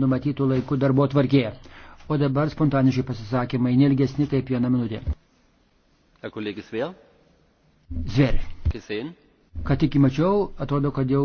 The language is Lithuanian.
numatytų laikų darbo tvarkėje. O dabar spontaniškai pasisakymai, nelgesni kaip vieną minutę. Kolegis vėl? Zver. Ką tik įmačiau, atrodo, kad jau